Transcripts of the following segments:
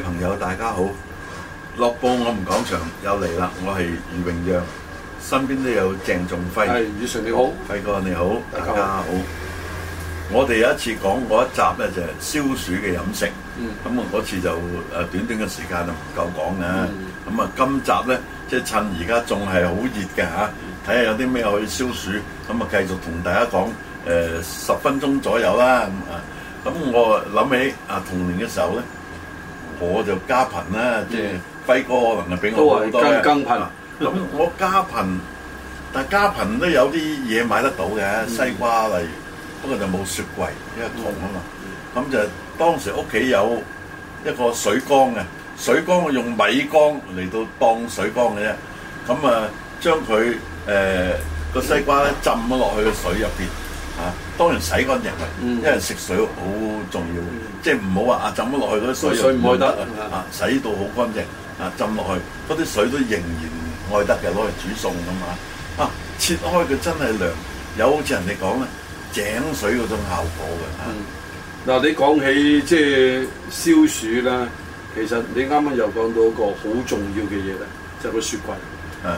朋友，大家好！樂報我們講場又嚟啦，我係余榮讓，身邊都有鄭仲輝。係，余 Sir 你好，輝哥你好，大家，大家好。我哋有一次講過一集咧，就係消暑嘅飲食。嗯，咁啊，嗰次就誒短短嘅時間就唔夠講嘅。咁啊、嗯，今集咧，即係趁而家仲係好熱嘅吓，睇下有啲咩可以消暑。咁啊，繼續同大家講誒，十、呃、分鐘左右啦。咁啊，咁我諗起啊，童年嘅時候咧。我就家貧啦，即係、嗯、輝哥可能係比我好多嘅。更更貧、啊、 我家貧，但係家貧都有啲嘢買得到嘅，西瓜，例如、嗯、不過就冇雪櫃，因為窮啊嘛。咁、嗯嗯、就當時屋企有一個水缸嘅，水缸用米缸嚟到當水缸嘅啫。咁啊，將佢誒個西瓜咧浸咗落去個水入邊啊。嗯嗯嗯嗯嗯當然洗乾淨啊，嗯、因為食水好重要、嗯、即係唔好話啊浸咗落去啲水唔愛得啊，洗到好乾淨啊，浸落去嗰啲水都仍然愛得嘅，攞嚟煮餸咁啊，啊。切開佢真係涼，有好似人哋講咧井水嗰種效果嘅。嗱、嗯啊，你講起即係消暑咧，其實你啱啱又講到一個好重要嘅嘢咧，就係、個雪櫃。誒、嗯，係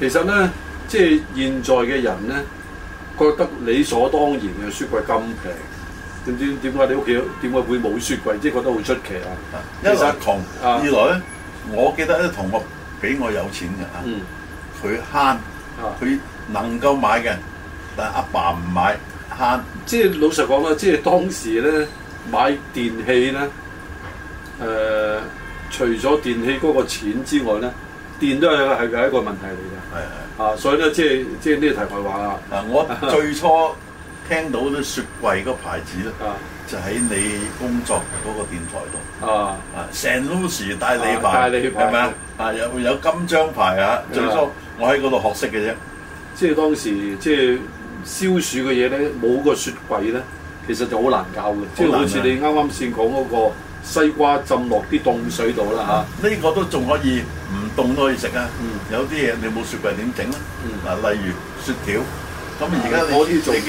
其實咧，即係現在嘅人咧。覺得理所當然嘅雪櫃咁平，唔知點解你屋企點解會冇雪櫃，即係覺得好出奇啊！一來窮，二來咧，我記得啲同學比我有錢嘅啊，佢慳、嗯，佢能夠買嘅，啊、但阿爸唔買，慳。即係老實講啦，即係當時咧買電器咧，誒、呃，除咗電器嗰個錢之外咧，電都係係一個問題嚟嘅。係。啊，所以咧，即係即係呢、呢個題外話啦。啊，我最初聽到啲雪櫃個牌子咧，啊、就喺你工作嗰個電台度。啊，啊成碌時帶你牌，係咪啊？吧啊，有有金章牌啊！吧最初我喺嗰度學識嘅啫。即係當時即係消暑嘅嘢咧，冇個雪櫃咧，其實就好難教嘅。即係、啊、好似你啱啱先講嗰個。西瓜浸落啲凍水度啦嚇，呢個都仲可以，唔凍都可以食啊！有啲嘢你冇雪櫃點整咧？啊，例如雪條，咁而家你你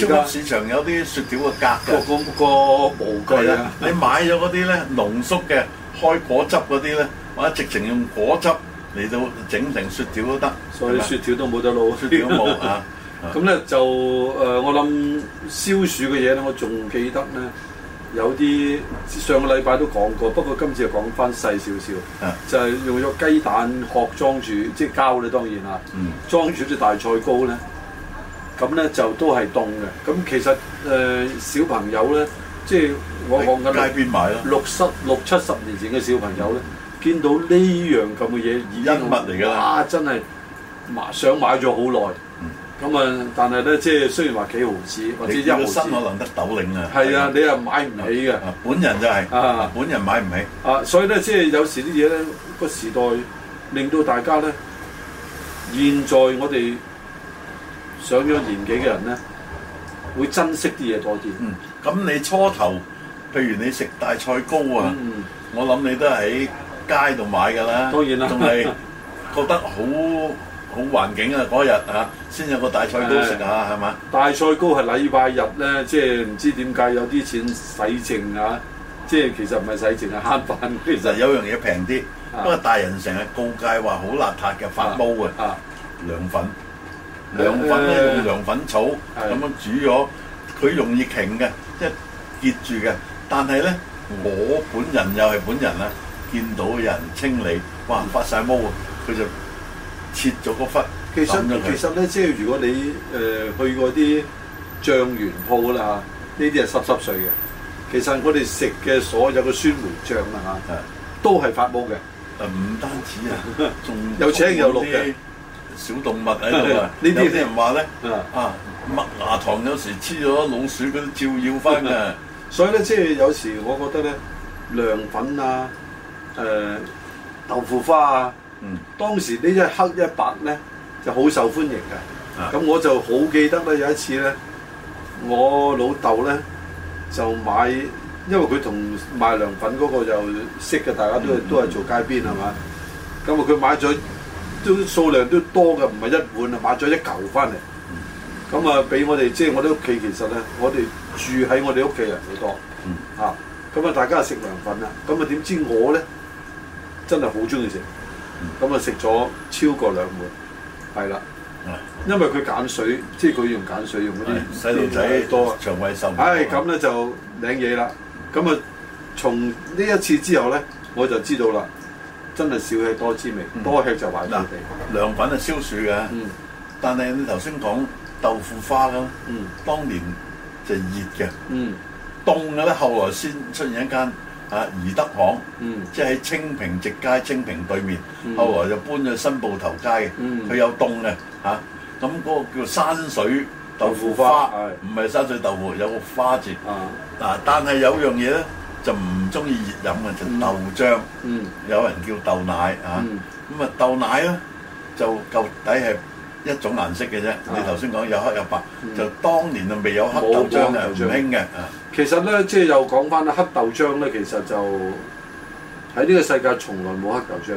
見超級市場有啲雪條嘅格嘅個模具啊！你買咗嗰啲咧，濃縮嘅開果汁嗰啲咧，或者直情用果汁嚟到整成雪條都得，所以雪條都冇得攞，雪條都冇啊！咁咧就誒，我諗消暑嘅嘢咧，我仲記得咧。有啲上個禮拜都講過，不過今次、啊、就講翻細少少，就係用咗雞蛋殼裝住，即係膠咧當然啊，嗯、裝住啲大菜糕咧，咁咧就都係凍嘅。咁其實誒、呃、小朋友咧，即係我講緊喺邊買咯，六十六七十年前嘅小朋友咧，嗯、見到呢樣咁嘅嘢，恩物嚟㗎啦，真係麻想買咗好耐。咁啊，但係咧，即係雖然話幾毫子或者一毫子，你個身我能得斗領啊！係啊，你又買唔起嘅、啊。本人就係、是、啊，本人買唔起。啊，所以咧，即、就、係、是、有時啲嘢咧，個時代令到大家咧，現在我哋上咗年紀嘅人咧，嗯、會珍惜啲嘢多啲。嗯，咁你初頭，譬如你食大菜糕啊，嗯嗯、我諗你都喺街度買㗎啦，當然啦，仲係 覺得好。好環境啊！嗰日嚇先有個大菜糕食下，係嘛？大菜糕係禮拜日咧，即係唔知點解有啲錢使剩嚇，即係其實唔係使剩，係慳飯。其實有樣嘢平啲，不過大人成日告誡話好邋遢嘅發毛嘅涼粉，涼粉咧，用涼粉草咁樣煮咗，佢容易瓊嘅，即係結住嘅。但係咧，我本人又係本人啦，見到有人清理，哇！發晒毛啊，佢就～切咗個忽實、呃，其實其實咧，即係如果你誒去嗰啲醬園鋪啦嚇，呢啲係濕濕碎嘅。其實我哋食嘅所有嘅酸梅醬啊嚇，的都係發毛嘅。誒唔、呃、單止啊，仲有請有鹿嘅小動物喺度。呢啲啲人話咧啊，麥芽糖有時黐咗老鼠，佢都照要翻嘅。所以咧，即係有時我覺得咧，涼粉啊，誒、呃、豆腐花啊。嗯，當時呢一黑一白咧就好受歡迎嘅，咁、啊、我就好記得咧有一次咧，我老豆咧就買，因為佢同賣涼粉嗰個,個就識嘅，大家都、嗯、都係做街邊係嘛，咁啊佢買咗都數量都多嘅，唔係一碗啊，買咗一嚿翻嚟，咁啊俾我哋即係我哋屋企，其實咧我哋住喺我哋屋企人好多，嚇，咁啊大家係食涼粉啦，咁啊點知我咧真係好中意食。咁啊、嗯、食咗超過兩碗，係啦，嗯、因為佢鹼水，即係佢用鹼水，用水，哎、用嗰啲細路仔多腸胃受，唉咁咧就領嘢啦。咁啊、嗯，嗯、從呢一次之後咧，我就知道啦，真係少吃多滋味，多吃就壞啦、嗯。涼粉啊消暑嘅、嗯，但係你頭先講豆腐花啦、嗯，當年就熱嘅，凍嘅咧後來先出現一間。啊！宜德行，即喺清平直街、嗯、清平對面，後來就搬咗新布頭街嘅。佢有凍嘅嚇，咁、啊、嗰、嗰個叫山水豆腐花，唔係山水豆腐，有個花字。嗱、啊啊，但係有樣嘢咧，就唔中意熱飲嘅，就豆漿。嗯、有人叫豆奶啊，咁啊豆奶咧就夠底係。一種顏色嘅啫，嗯、你頭先講有黑有白，嗯、就當年就未有黑豆漿啊，唔興嘅啊。其實呢，即係又講翻啦，黑豆漿呢，其實就喺呢個世界從來冇黑豆漿，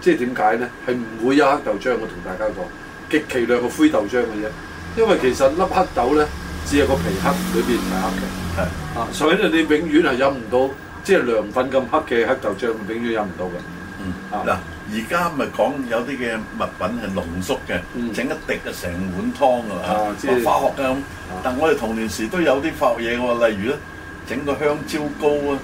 即係點解呢？係唔會有黑豆漿，我同大家講，極其量嘅灰豆漿嘅啫！因為其實粒黑豆呢，只有個皮黑，裏邊唔係黑嘅，係啊，所以咧你永遠係飲唔到，即係涼粉咁黑嘅黑豆漿，永遠飲唔到嘅。嗯，啊而家咪講有啲嘅物品係濃縮嘅，整、嗯、一滴就成碗湯㗎啦，啊啊啊、化學咁。但我哋童年時都有啲化學嘢喎，例如咧整個香蕉糕啊，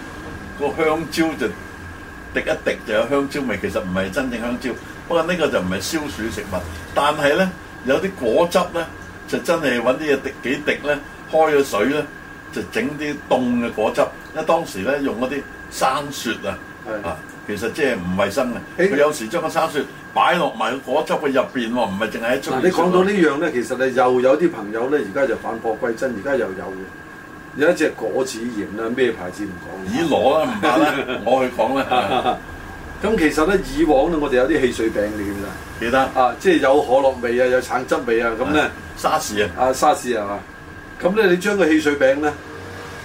個香蕉就滴一滴就有香蕉味，其實唔係真正香蕉。不過呢個就唔係消暑食物，但係咧有啲果汁咧就真係搵啲嘢滴幾滴咧開咗水咧就整啲凍嘅果汁，因為當時咧用嗰啲山雪啊啊。其實即係唔衞生嘅，佢有時將個沙雪擺落埋果汁嘅入邊喎，唔係淨係一出。你講到呢樣咧，其實你又有啲朋友咧，而家就返璞歸真，而家又有嘅，有一隻果子鹽啦，咩牌子唔講，依攞啦，唔講啦，我去講啦。咁其實咧，以往咧，我哋有啲汽水餅你記得記得啊，即係有可樂味啊，有橙汁味呢啊，咁咧沙士啊，啊沙士啊，咁咧你將個汽水餅咧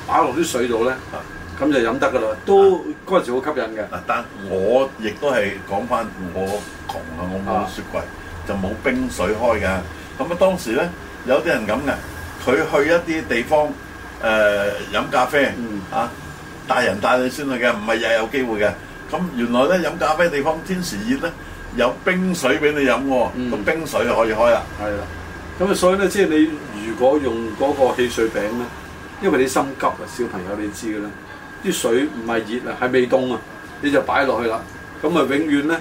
擺落啲水度咧，咁、啊啊、就飲得噶啦，都。啊嗰陣時好吸引嘅，嗱，但我亦都係講翻我窮啊，我冇雪櫃，啊、就冇冰水開嘅。咁啊，當時咧有啲人咁嘅，佢去一啲地方誒、呃、飲咖啡、嗯、啊，大人帶你先去嘅，唔係日日有機會嘅。咁原來咧飲咖啡地方天時熱咧，有冰水俾你飲喎，嗯、冰水就可以開啦。係啦、嗯，咁啊，所以咧即係你如果用嗰個汽水餅咧，因為你心急啊，小朋友你知嘅啦。啲水唔係熱啊，係未凍啊，你就擺落去啦。咁啊，永遠咧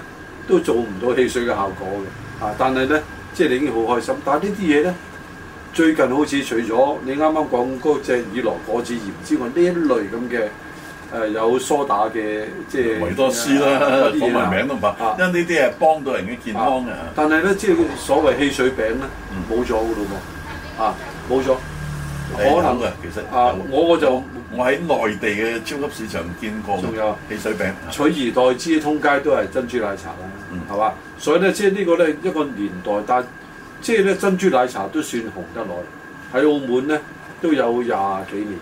都做唔到汽水嘅效果嘅。啊，但係咧，即、就、係、是、你已經好開心。但係呢啲嘢咧，最近好似除咗你啱啱講嗰隻以羅果子鹽之外，呢一類咁嘅誒有梳打嘅即係維多斯啦、啊，講埋 名都唔怕，因為呢啲係幫到人嘅健康嘅、啊。但係咧，即、就、係、是、所謂汽水餅咧，冇咗嘅喎，嗯、啊冇咗？唉可能嘅其實啊，我我就。 我喺內地嘅超級市場見過仲有汽水餅有，取而代之通街都係珍珠奶茶啦，係嘛、嗯？所以咧，即係呢個咧一個年代，但即係咧珍珠奶茶都算紅得耐。喺澳門咧都有廿幾年，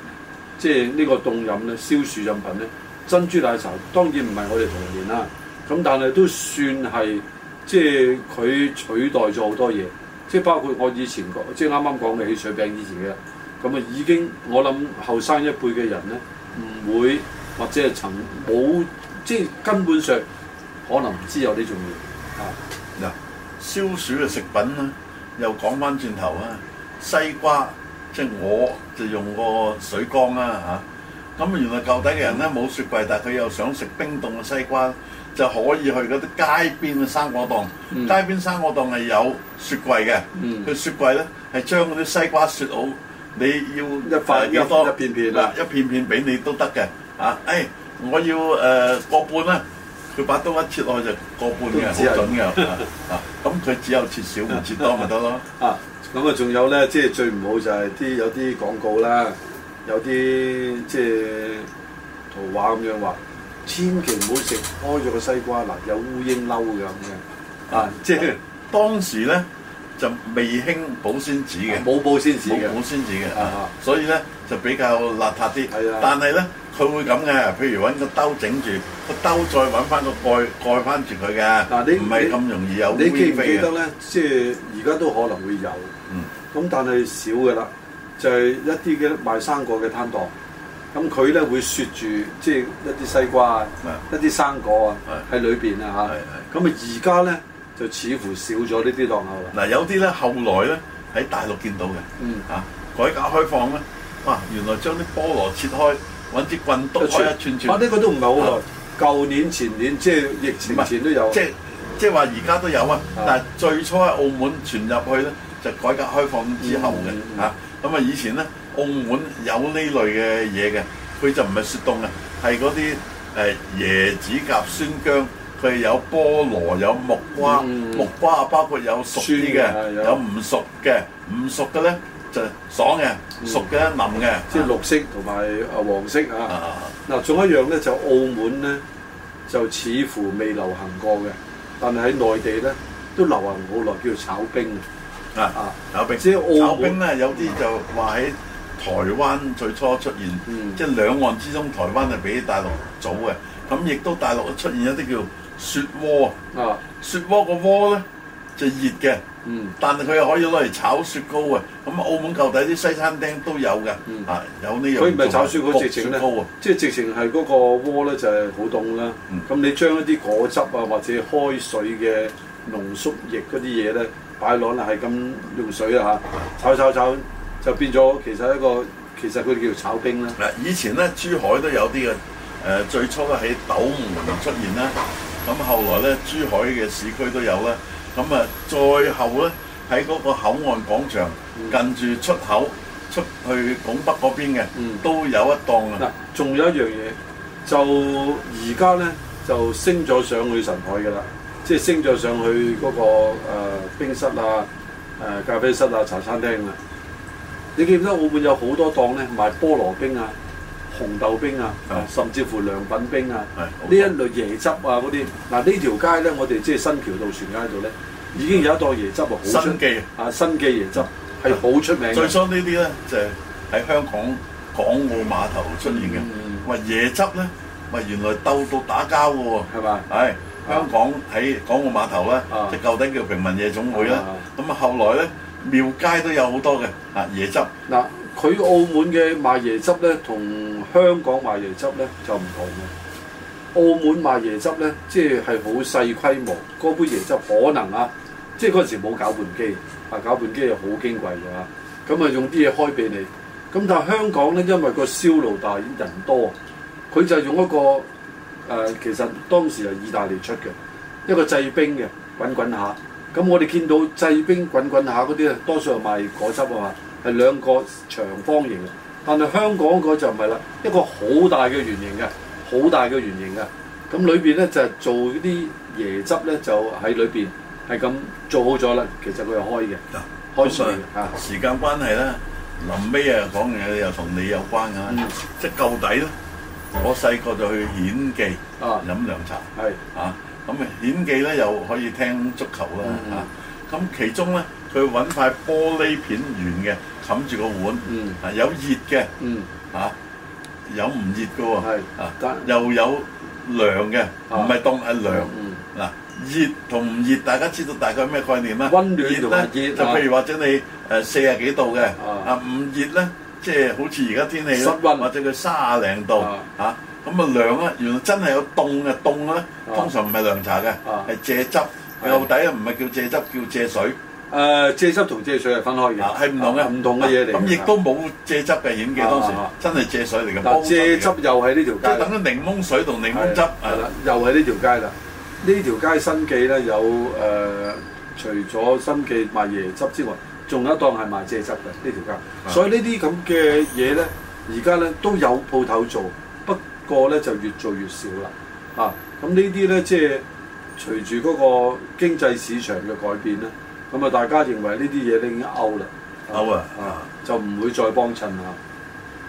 即係呢個凍飲咧、消暑飲品咧，珍珠奶茶當然唔係我哋童年啦，咁、嗯、但係都算係即係佢取代咗好多嘢，即係包括我以前即係啱啱講嘅汽水餅以前嘅。咁啊，已經我諗後生一輩嘅人咧，唔會或者係曾冇即根本上可能唔知有呢種嘢。啊。嗱，yeah, 消暑嘅食品啦，又講翻轉頭啊，西瓜即、即係、我就用個水缸啦、啊、嚇。咁、啊、原來舊底嘅人咧冇雪櫃，但係佢又想食冰凍嘅西瓜，就可以去嗰啲街邊嘅生果檔。嗯、街邊生果檔係有雪櫃嘅，佢、嗯、雪櫃咧係將嗰啲西瓜雪好。你要一塊幾多？一片片嗱，一片片俾你都得嘅。啊，誒，我要誒個半啦。佢把刀一切開就個半嘅，好準嘅。嗱，咁佢只有切少唔切多咪得咯。啊，咁啊，仲有咧，即係最唔好就係啲有啲廣告啦，有啲即係圖畫咁樣話，千祈唔好食開咗個西瓜嗱，有烏蠅嬲嘅咁嘅。啊，即係當時咧。就未興保鮮紙嘅，冇保鮮紙嘅，冇保鮮紙嘅，所以咧就比較邋遢啲。但係咧佢會咁嘅，譬如揾個兜整住個兜，再揾翻個蓋蓋翻住佢嘅。嗱你唔係咁容易有，你記唔記得咧？即係而家都可能會有，咁但係少㗎啦。就係一啲嘅賣生果嘅攤檔，咁佢咧會雪住即係一啲西瓜啊，一啲生果啊喺裏邊啊嚇。咁啊而家咧，就似乎少咗呢啲檔口啦。嗱、啊，有啲咧後來咧喺大陸見到嘅，嚇、嗯啊、改革開放咧，哇！原來將啲菠蘿切開揾啲棍督開一串串。啊，呢個都唔係好耐，舊是年前年即係疫情前都有。即係即係話而家都有啊，啊但係最初喺澳門傳入去咧就改革開放之後嘅嚇。咁啊、嗯嗯嗯嗯嗯嗯嗯，以前咧澳門有呢類嘅嘢嘅，佢就唔係雪凍啊，係嗰啲誒椰子夾酸薑。佢有菠蘿有木瓜，木瓜啊包括有熟啲嘅，有唔熟嘅，唔熟嘅咧就爽嘅，熟嘅腍嘅，即係綠色同埋啊黃色啊。嗱，仲有一樣咧，就澳門咧就似乎未流行過嘅，但係喺內地咧都流行好耐，叫炒冰啊啊炒冰！即係澳門咧有啲就話喺台灣最初出現，即係兩岸之中台灣係比大陸早嘅，咁亦都大陸出現一啲叫雪窩啊，雪窩個窩咧就熱嘅，但係佢又可以攞嚟炒雪糕啊！咁澳門舊底啲西餐廳都有嘅，啊有呢樣嘢。佢唔係炒雪糕直情咧，即係直情係嗰個窩咧就係好凍啦。咁你將一啲果汁啊或者開水嘅濃縮液嗰啲嘢咧擺落咧係咁用水啊。吓，炒炒炒就變咗其實一個其實佢叫炒冰啦。嗱，以前咧珠海都有啲嘅，誒最初咧喺斗門出現啦。咁後來咧，珠海嘅市區都有啦。咁啊，再後咧喺嗰個口岸廣場，嗯、近住出口出去拱北嗰邊嘅、嗯，都有一檔啊。嗱，仲有一樣嘢，就而家咧就升咗上去神台嘅啦，即係升咗上去嗰、嗰個、呃、冰室啊、誒、呃、咖啡室啊、茶餐廳啊。你記唔記得澳門有好多檔咧賣菠蘿冰啊？紅豆冰啊，甚至乎涼粉冰啊，呢一類椰汁啊嗰啲，嗱呢條街咧，我哋即係新橋道船街度咧，已經有一檔椰汁好新記啊，新記椰汁係好出名。最初呢啲咧就係喺香港港澳碼頭出現嘅，咪椰汁咧咪原來鬥到打交嘅喎，係嘛？係香港喺港澳碼頭咧，即係舊底叫平民夜總會啦。咁啊後來咧廟街都有好多嘅啊椰汁嗱。佢澳門嘅賣椰汁咧，同香港賣椰汁咧就唔同嘅。澳門賣椰汁咧，即係係好細規模，嗰杯椰汁可能啊，即係嗰陣時冇攪拌機，啊攪拌機又好矜貴㗎嘛，咁啊用啲嘢開俾你。咁、啊、但係香港咧，因為個銷路大，人多，佢就係用一個誒、呃，其實當時係意大利出嘅一個製冰嘅滾滾下。咁我哋見到製冰滾滾下嗰啲啊，多數係賣果汁啊嘛。係兩個長方形嘅，但係香港個就唔係啦，一個好大嘅圓形嘅，好大嘅圓形嘅，咁裏邊咧就係、是、做啲椰汁咧，就喺裏邊係咁做好咗啦。其實佢又開嘅，嗯、開水嚇。實啊、時間關係啦。臨尾啊講嘢又同你有關㗎，即係舊底咯。我細個就去顯記，飲涼茶係嚇，咁啊顯、啊、記咧又可以聽足球啦嚇，咁、嗯啊、其中咧。去揾塊玻璃片圓嘅冚住個碗，啊有熱嘅，嚇有唔熱嘅喎，啊又有涼嘅，唔係凍係涼。嗱，熱同唔熱，大家知道大概咩概念啦？溫暖同埋熱，就譬如話，或者你誒四啊幾度嘅，啊唔熱咧，即係好似而家天氣，或者佢三啊零度，嚇咁啊涼啊，原來真係有凍啊，凍啊，通常唔係涼茶嘅，係蔗汁，到底啊，唔係叫蔗汁，叫蔗水。誒蔗汁同蔗水係分開嘅，係唔 Yeah,、uh, 同嘅，唔同嘅嘢嚟。咁亦都冇蔗汁嘅演記當時，真係蔗水嚟嘅。蔗汁又喺呢條街。即等啲檸檬水同檸檬汁。係啦，又喺呢條街啦。呢條街新記咧有誒，除咗新記賣椰汁之外，仲有一檔係賣蔗汁嘅呢條街。所以呢啲咁嘅嘢咧，而家咧都有鋪頭做，不過咧就越做越少啦。啊，咁呢啲咧即係隨住嗰個經濟市場嘅改變咧。咁啊！大家認為呢啲嘢咧已經 out 啦 out 啊，就唔會再幫襯啦。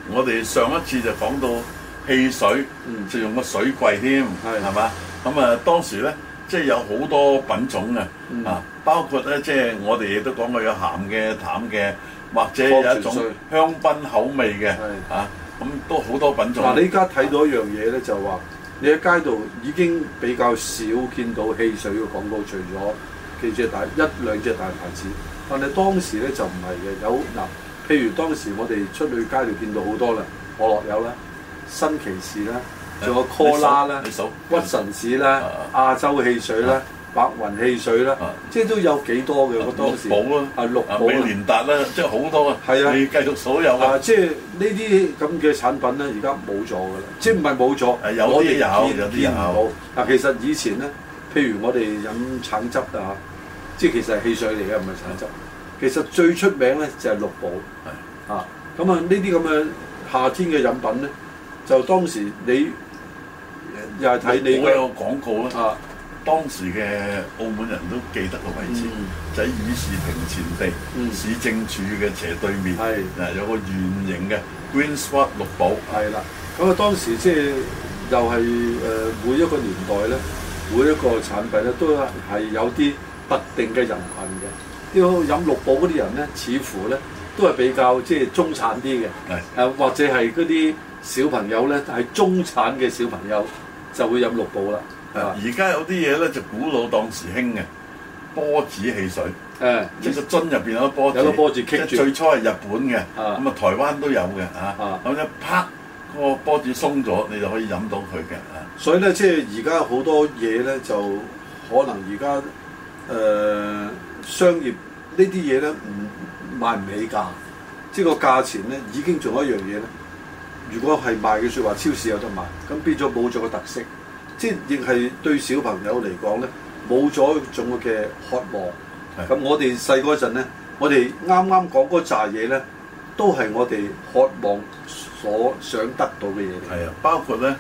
我哋上一次就講到汽水，mm. 就用個水櫃添，係嘛的？咁啊，當時咧即係有好多品種嘅、mm. 啊，包括咧即係我哋亦都講過有鹹嘅、淡嘅，或者有一種香檳口味嘅啊。咁、嗯啊、都好多品種。但、啊、你而家睇到一樣嘢咧，就話你喺街度已經比較少見到汽水嘅廣告，除咗。幾隻大，一兩隻大牌子，但係當時咧就唔係嘅。有嗱，譬如當時我哋出去街度見到好多啦，可樂有啦，新奇士啦，仲有科拉啦，屈臣氏啦，亞洲汽水啦，白雲汽水啦，即係都有幾多嘅。我當時冇咯，六寶啊，美年達啦，即係好多啊。係啊，你繼續所有啊，即係呢啲咁嘅產品咧，而家冇咗㗎啦。即係唔係冇咗？有可有，有啲有。嗱，其實以前咧，譬如我哋飲橙汁啊即係其實係汽水嚟嘅，唔係橙汁。其實最出名咧就係綠寶，係是的 啊。咁啊，呢啲咁嘅夏天嘅飲品咧，就當時你又係睇你嘅所有廣告啦。啊，當時嘅澳門人都記得個位置，嗯、就喺議事亭前地、嗯、市政署嘅斜對面。係嗱的，有個圓形嘅 Green Spot 綠寶。係啦，咁啊，當時即係又係誒每一個年代咧，每一個產品咧都係有啲。特定嘅人群嘅，要飲綠寶嗰啲人咧，似乎咧都係比較即係中產啲嘅，誒是或者係嗰啲小朋友咧係中產嘅小朋友就會飲綠寶啦。而家有啲嘢咧就古老當時興嘅，波子汽水，誒是一個樽入邊有波子，有個波子棘住，最初係日本嘅，咁啊是台灣都有嘅嚇，咁一拍個波子鬆咗，你就可以飲到佢嘅。所以咧，即係而家好多嘢咧，就可能而家。誒、呃、商業呢啲嘢咧，唔賣唔起價，即係個價錢咧已經做一樣嘢咧。如果係賣嘅説話，超市有得賣，咁變咗冇咗個特色，即係亦係對小朋友嚟講咧，冇咗種嘅渴望。咁的我哋細個陣咧，我哋啱啱講嗰扎嘢咧，都係我哋渴望所想得到嘅嘢嚟。係啊，包括咧，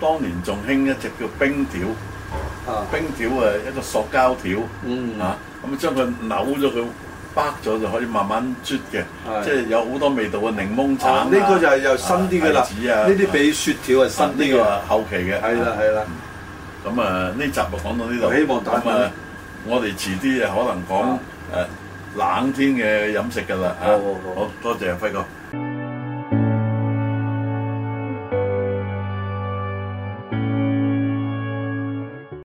當年仲興一隻叫冰條。冰條啊，一個塑膠條，嚇咁將佢扭咗佢，掰咗就可以慢慢啜嘅，的即係有好多味道嘅檸檬茶，呢、啊這個就係又新啲嘅啦，呢啲、啊啊啊、比雪條係新啲嘅，啊這個、後期嘅。係啦、嗯，係啦。咁、嗯、啊，呢集就講到呢度，我希望大家啊那，我哋遲啲啊可能講誒、嗯啊、冷天嘅飲食嘅啦。啊、好好好，好，好多謝輝哥。